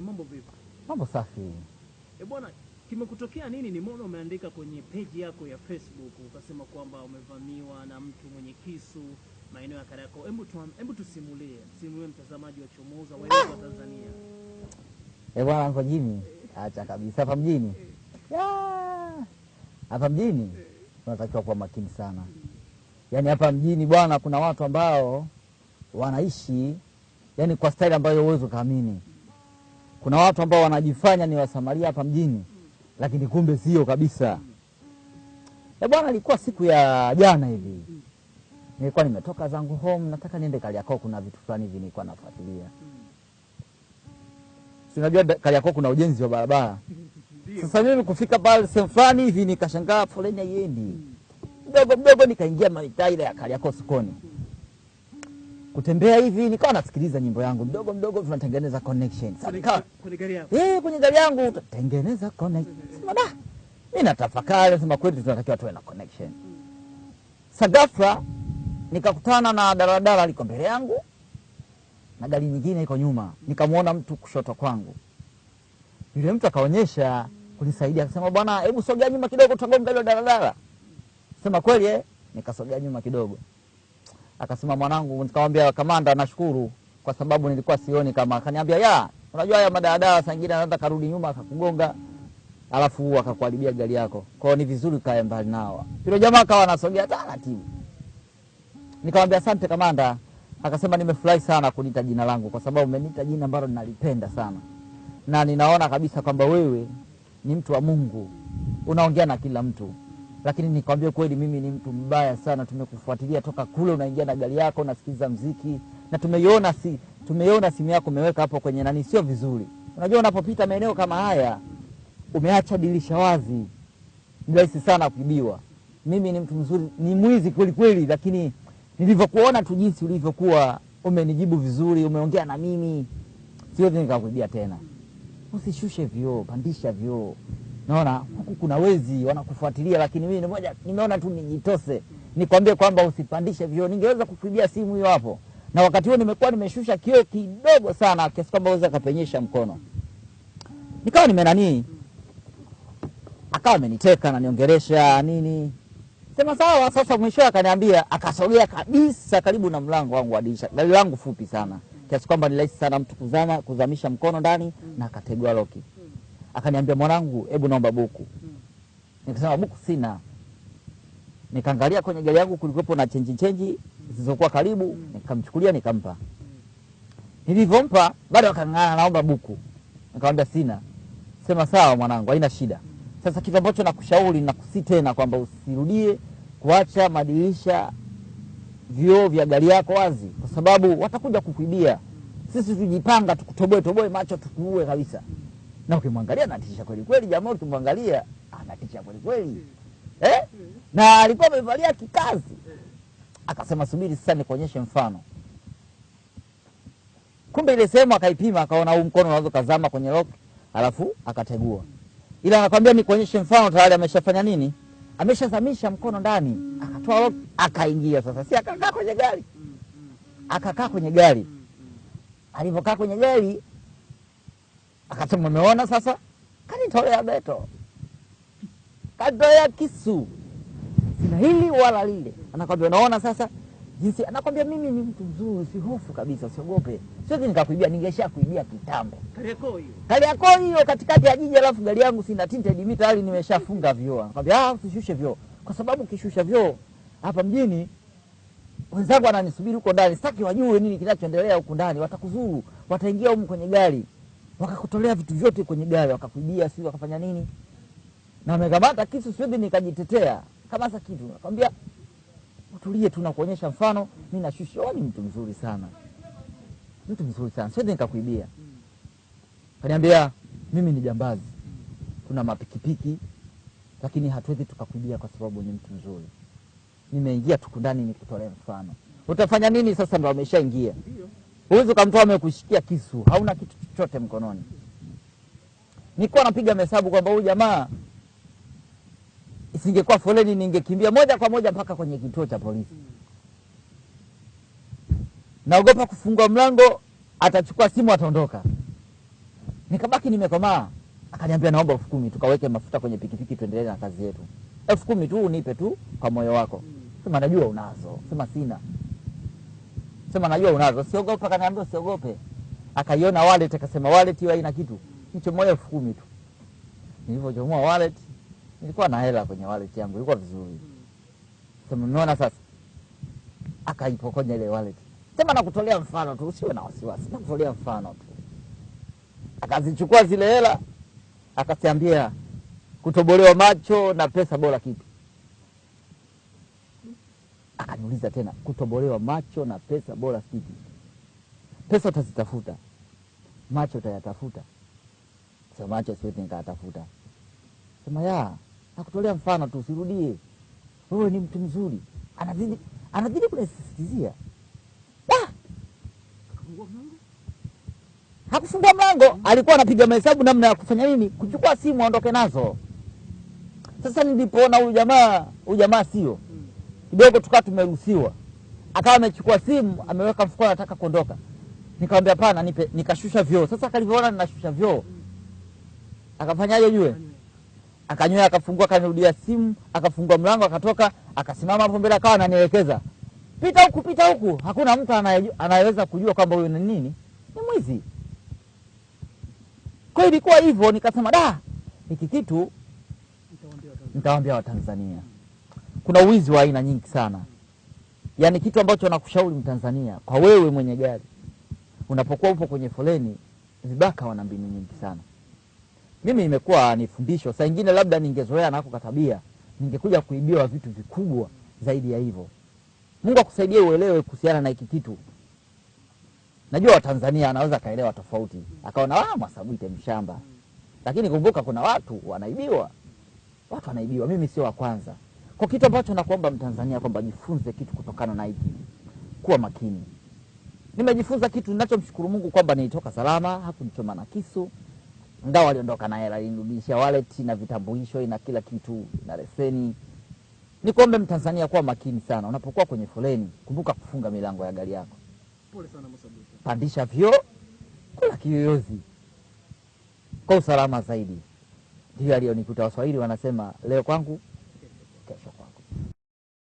Mambo vipi? Mambo safi. Eh, bwana, kimekutokea nini? Nimeona umeandika kwenye peji yako ya Facebook ukasema kwamba umevamiwa na mtu mwenye kisu maeneo ya Kariakoo. Hebu hebu tusimulie, simulie mtazamaji wa Chomoza wa Tanzania. Eh, bwana niko jini. Eh. Acha kabisa hapa mjini. Eh. Hapa mjini tunatakiwa eh. kuwa makini sana. Yaani hapa mjini bwana kuna watu ambao wanaishi yani kwa staili ambayo huwezi ukaamini. Kuna watu ambao wanajifanya ni Wasamaria hapa mjini, lakini kumbe sio kabisa. E bwana, ilikuwa siku ya jana hivi, nilikuwa nimetoka zangu home, nataka niende Kariakoo, kuna vitu fulani hivi nilikuwa nafuatilia. Si unajua Kariakoo kuna ujenzi wa barabara. Sasa mimi kufika pale sehemu fulani hivi, nikashangaa foleni haiendi, mdogo mdogo nikaingia mitaa ile ya Kariakoo sokoni kutembea hivi, nikawa nasikiliza nyimbo yangu mdogo mdogo, tunatengeneza connection kwenye gari yangu eh, kwenye gari yangu tutengeneza connection. mimi natafakari, sema kweli tunatakiwa tuwe na connection. Sagafra nikakutana na daradara liko mbele yangu na gari nyingine iko nyuma, nikamwona mtu kushoto kwangu. Yule mtu akaonyesha kunisaidia, akasema bwana, hebu sogea nyuma kidogo, tutagonga hilo daradara Sema kweli eh, nikasogea nyuma kidogo Akasema mwanangu, nikamwambia kamanda, nashukuru kwa sababu nilikuwa sioni kama. Akaniambia ya, unajua haya madadaa sangine anaweza karudi nyuma akakugonga, alafu akakuharibia gari yako, kwao ni vizuri kae mbali nao. Yule jamaa akawa anasogea taratibu, nikamwambia asante kamanda. Akasema nimefurahi sana kuniita jina langu, kwa sababu umeniita jina ambalo ninalipenda sana na ninaona kabisa kwamba wewe ni mtu wa Mungu, unaongea na kila mtu lakini nikwambie kweli, mimi ni mtu mbaya sana. Tumekufuatilia toka kule, unaingia na gari yako, unasikiliza mziki na tumeiona si, tumeiona simu yako umeweka hapo kwenye nani, sio vizuri. Unajua, unapopita maeneo kama haya umeacha dirisha wazi, ni rahisi sana kuibiwa. Mimi ni mtu mzuri, ni mwizi kweli kweli, lakini nilivyokuona tu jinsi ulivyokuwa umenijibu vizuri, umeongea na mimi, siwezi nikakuibia tena. Usishushe vioo, pandisha vioo naona huku kuna wezi wanakufuatilia, lakini mimi moja nimeona tu nijitose, nikwambie kwamba usipandishe vioo. Ningeweza kukimbia simu hiyo hapo, na wakati huo nimekuwa nimeshusha kioo kidogo sana, kiasi kwamba weza kapenyesha mkono, nikawa nimenanii, akawa ameniteka na niongelesha nini, sema sawa. Sasa mwisho akaniambia, akasogea kabisa karibu na mlango wangu wa dirisha, gari langu fupi sana kiasi kwamba ni rahisi sana mtu kuzama, kuzamisha mkono ndani na akategua loki Akaniambia, mwanangu, hebu naomba buku. Nikasema buku sina. Nikaangalia kwenye gari yangu kulikuwepo na chenji chenji zilizokuwa karibu, nikamchukulia nikampa. Nilivyompa bado akang'ana, naomba buku. Nikamwambia sina. Sema sawa mwanangu, haina shida. Sasa kitu ambacho nakushauri na kusi tena kwamba usirudie kuacha madirisha vioo vya gari yako wazi, kwa sababu watakuja kukuibia. Sisi tujipanga, tukutoboe toboe macho, tukuue kabisa na ukimwangalia anatisha kweli kweli, jamaa ukimwangalia anatisha kweli kweli eh? na alikuwa amevalia kikazi. Akasema subiri sasa nikuonyeshe mfano. Kumbe ile sehemu akaipima, akaona huu mkono unaweza kazama kwenye lock, alafu akategua. Ila anakwambia nikuonyeshe mfano, tayari ameshafanya nini? Ameshazamisha mkono ndani, akatoa lock, akaingia. Sasa si akakaa kwenye gari, akakaa kwenye gari. Alivyokaa kwenye gari Akasema umeona sasa, kanitolea beto, kanitolea kisu, sina hili wala lile. Anakwambia unaona sasa jinsi, anakwambia mimi ni mtu mzuri, si hofu kabisa, siogope, siwezi nikakuibia, ningesha kuibia kitambo. Kariakoo hiyo katikati ya jiji, alafu gari yangu sina tinted mita, tayari nimeshafunga vioo. Anakwambia ah, usishushe vioo, kwa sababu ukishusha vioo hapa mjini wenzangu wananisubiri huko ndani, sitaki wajue nini kinachoendelea huku ndani, watakuzuru, wataingia humu kwenye gari wakakutolea vitu vyote kwenye gari, wakakuibia si wakafanya nini, na wamekamata kisu. Siwezi nikajitetea kama sasa kitu, nakwambia utulie tu, nakuonyesha mfano. Mi nashusha oh, ni mtu mzuri sana, mtu mzuri sana, siwezi nikakuibia. Kaniambia mimi ni jambazi, tuna mapikipiki lakini hatuwezi tukakuibia kwa sababu ni mtu mzuri. Nimeingia tuku ndani nikutolea mfano, utafanya nini? Sasa ndo ameshaingia. Huwezi ukamtoa amekushikia kisu, hauna kitu chochote mkononi. Nilikuwa napiga mahesabu kwamba huyu jamaa, isingekuwa foleni, ningekimbia moja kwa moja mpaka kwenye kituo cha polisi. Naogopa kufungua mlango, atachukua simu, ataondoka. Nikabaki nimekomaa. Akaniambia, naomba elfu kumi tukaweke mafuta kwenye pikipiki, tuendelee na kazi yetu. Elfu kumi tu unipe tu kwa moyo wako. Sema najua unazo, sema sina sema najua unazo, siogope. Akaniambia usiogope. Akaiona wallet akasema wallet hiyo haina kitu, hicho moja elfu kumi tu. Nilipochomoa wallet nilikuwa na hela kwenye wallet yangu, ilikuwa vizuri. Sema unaona sasa, akaipokonya ile wallet. Sema nakutolea mfano tu, usiwe na wasiwasi, nakutolea mfano tu. Akazichukua zile hela, akasiambia kutobolewa macho na pesa bora kipi? akaniuliza tena, kutobolewa macho na pesa bora sipi? Pesa utazitafuta, macho utayatafuta. Sema macho siwezi nikayatafuta. Sema ya, nakutolea mfano tu, usirudie. Wewe ni mtu mzuri. Anazidi anazidi kunisisitizia hakufungua mlango, alikuwa anapiga mahesabu namna ya kufanya nini, kuchukua simu aondoke nazo. Sasa nilipoona huyu jamaa huyu jamaa sio kidogo, tukawa tumeruhusiwa. Akawa amechukua simu ameweka mfuko, anataka kuondoka, nikamwambia hapana, nipe. Nikashusha vyoo. Sasa kalivyoona ninashusha vyoo, akafanyaje jue akanywea akafungua, kanirudia simu, akafungua mlango, akatoka, akasimama hapo mbele, akawa ananielekeza pita huku, pita huku. Hakuna mtu anayeweza kujua kwamba huyu ni nini, ni mwizi. Kwa ilikuwa hivyo, nikasema da, hiki kitu nitawaambia Watanzania kuna uwizi wa aina nyingi sana. Yaani kitu ambacho nakushauri Mtanzania, kwa wewe mwenye gari, unapokuwa upo kwenye foleni, vibaka wana mbinu nyingi sana. Mimi imekuwa nifundisho Saa ingine labda ningezoea nako katabia, ningekuja kuibiwa vitu vikubwa zaidi ya hivyo. Mungu akusaidie uelewe kuhusiana na hiki kitu. Najua Watanzania anaweza akaelewa tofauti, akaona ah, Mwasabwite mshamba, lakini kumbuka, kuna watu wanaibiwa, watu wanaibiwa. Mimi sio wa kwanza kwa kitu ambacho nakuomba Mtanzania kwamba jifunze kitu kutokana na hiki, kuwa makini. Nimejifunza kitu, ninachomshukuru Mungu kwamba nilitoka salama, hakunichoma na kisu, ndawa aliondoka na hela, alinirudishia waleti na vitambulisho na kila kitu na leseni. Nikuombe Mtanzania kuwa makini sana unapokuwa kwenye foleni, kumbuka kufunga milango ya gari yako. Pole sana Msabuta. Pandisha vyoo, kula kiyoyozi kwa usalama zaidi. Ndio alionikuta. Waswahili wanasema leo kwangu